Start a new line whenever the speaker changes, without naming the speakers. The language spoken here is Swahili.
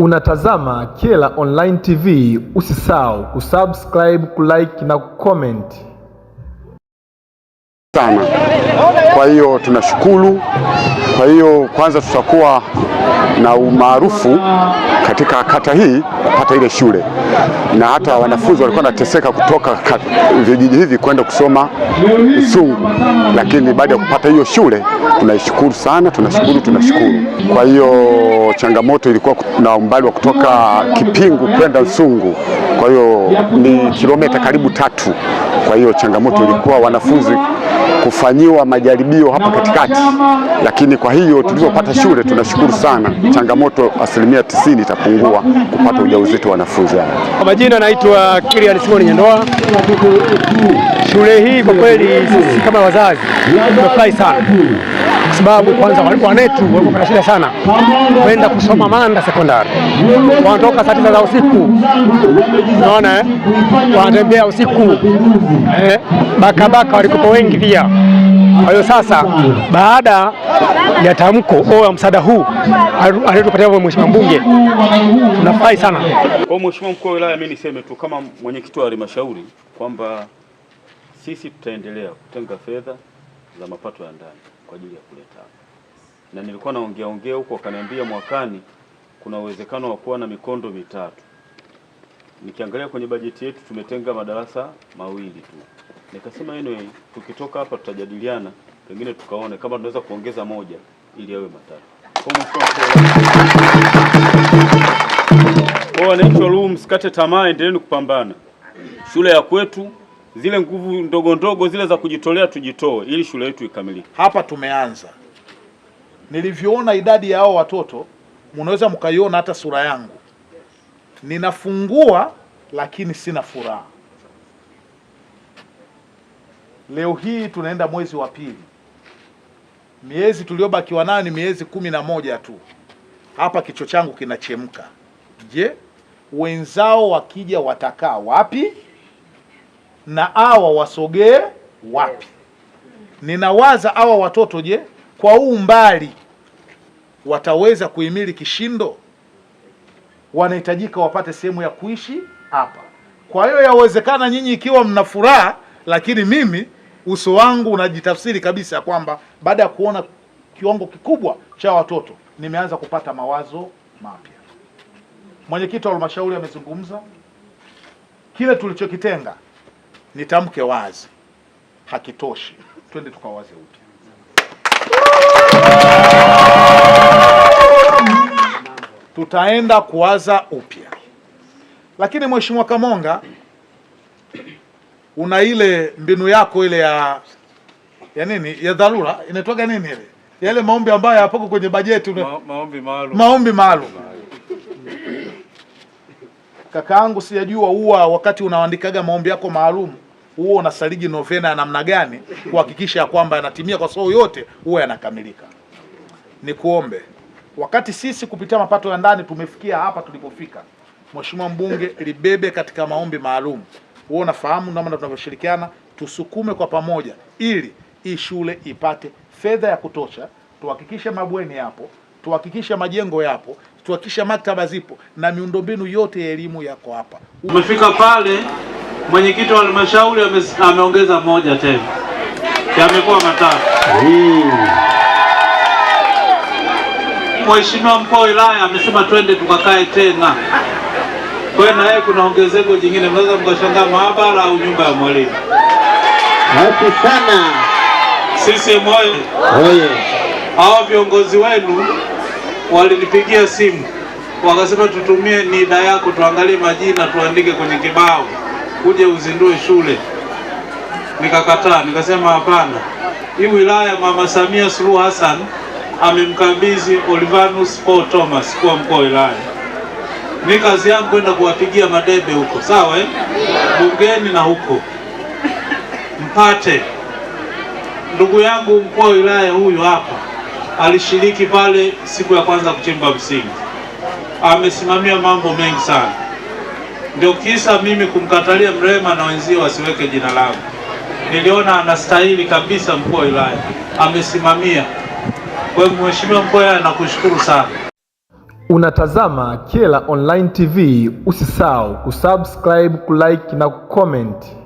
Unatazama Kyela Online TV, usisahau kusubscribe, kulike na kucomment
sana. Kwa hiyo tunashukuru. Kwa hiyo kwanza tutakuwa na umaarufu katika kata hii kupata ile shule, na hata wanafunzi walikuwa wanateseka kutoka vijiji hivi kwenda kusoma Usungu, lakini baada ya kupata hiyo shule tunaishukuru sana, tunashukuru, tunashukuru. Kwa hiyo changamoto ilikuwa na umbali wa kutoka Kipingu kwenda Usungu, kwa hiyo ni kilomita karibu tatu. Kwa hiyo changamoto ilikuwa wanafunzi kufanyiwa majaribio hapa katikati, lakini kwa hiyo tulizopata shule tunashukuru sana sana, changamoto asilimia tisini itapungua kupata ujauzito wa wanafunzi hao.
Kwa majina naitwa Kilian Simoni Nyandoa. Shule hii kwa kweli sisi kama wazazi tumefurahi sana kwa sababu kwanza wanetu walikuwa na shida sana kwenda kusoma Manda sekondari, wanatoka saa tisa za usiku, unaona, eh? wanatembea usiku eh, bakabaka walikuwa wengi pia. Kwa hiyo sasa, baada ya tamko o ya msaada huu aliyotupatia mheshimiwa mbunge, tunafurahi sana.
Kwa mheshimiwa mkuu wa wilaya, mimi niseme tu kama mwenyekiti wa halmashauri kwamba sisi tutaendelea kutenga fedha za mapato ya ndani kwa ajili ya kuleta, na nilikuwa naongea ongea huko, akaniambia mwakani kuna uwezekano wa kuwa na mikondo mitatu. Nikiangalia kwenye bajeti yetu tumetenga madarasa mawili tu, nikasema anyway, tukitoka hapa tutajadiliana, pengine tukaone kama tunaweza kuongeza moja ili yawe matatu.
Wananchi wa Ruhu, msikate tamaa, endeleni kupambana. Shule ya kwetu zile nguvu ndogo ndogo zile za kujitolea tujitoe, ili shule yetu ikamilike.
Hapa tumeanza, nilivyoona idadi ya hao watoto, mnaweza mkaiona hata sura yangu, ninafungua lakini sina furaha. Leo hii tunaenda mwezi wa pili, miezi tuliyobakiwa nayo ni miezi kumi na moja tu. Hapa kichwa changu kinachemka. Je, wenzao wakija watakaa wapi? na awa wasogee wapi? Ninawaza awa watoto, je, kwa huu mbali wataweza kuhimili kishindo? Wanahitajika wapate sehemu ya kuishi hapa. Kwa hiyo yawezekana nyinyi ikiwa mna furaha, lakini mimi uso wangu unajitafsiri kabisa ya kwamba baada ya kuona kiwango kikubwa cha watoto nimeanza kupata mawazo mapya. Mwenyekiti wa halmashauri amezungumza kile tulichokitenga nitamke wazi, hakitoshi, twende tukawaze upya. Tutaenda kuwaza upya, lakini Mheshimiwa Kamonga, una ile mbinu yako ile ya ya nini ya dharura inaitwaga nini ile yale maombi ambayo yapoko kwenye bajeti,
maombi maalum,
maombi maalum. Kakaangu, sijajua huwa wakati unaandikaga maombi yako maalum huwa unasaliji novena ya namna gani kuhakikisha ya kwamba yanatimia, kwa sababu yote huwa yanakamilika. Ni kuombe wakati sisi kupitia mapato ya ndani tumefikia hapa tulipofika, Mheshimiwa mbunge, libebe katika maombi maalum. Huwa unafahamu namna tunavyoshirikiana, tusukume kwa pamoja ili hii shule ipate fedha ya kutosha, tuhakikishe mabweni yapo, tuhakikishe majengo yapo, tuhakikisha maktaba zipo na miundombinu yote ya elimu yako hapa.
Umefika pale, mwenyekiti wa halmashauri ameongeza moja tena, yamekuwa matatu. Mheshimiwa mkuu wa wilaya amesema twende tukakae tena, kwa hiyo na yeye kuna ongezeko jingine, mnaweza mkashangaa maabara au nyumba ya mwalimu.
Safi sana,
sisi moyo oye, hawa viongozi wenu walinipigia simu wakasema, tutumie nida yako tuangalie majina tuandike kwenye kibao kuje uzindue shule. Nikakataa, nikasema hapana, hii wilaya Mama Samia Suluhu Hassan amemkabidhi Olivanus Paul Thomas kuwa mkuu wa wilaya. Ni kazi yangu kwenda kuwapigia madebe huko, sawa eh? Bungeni na huko mpate ndugu yangu mkuu wa wilaya huyu hapa alishiriki pale siku ya kwanza kuchimba msingi, amesimamia mambo mengi sana. Ndio kisa mimi kumkatalia Mrema na wenzio wasiweke jina langu, niliona anastahili kabisa mkuu wa wilaya, amesimamia. Kwa hiyo mheshimiwa mkuu wa wilaya, nakushukuru sana.
Unatazama Kyela Online TV, usisahau kusubscribe, kulike na kucomment.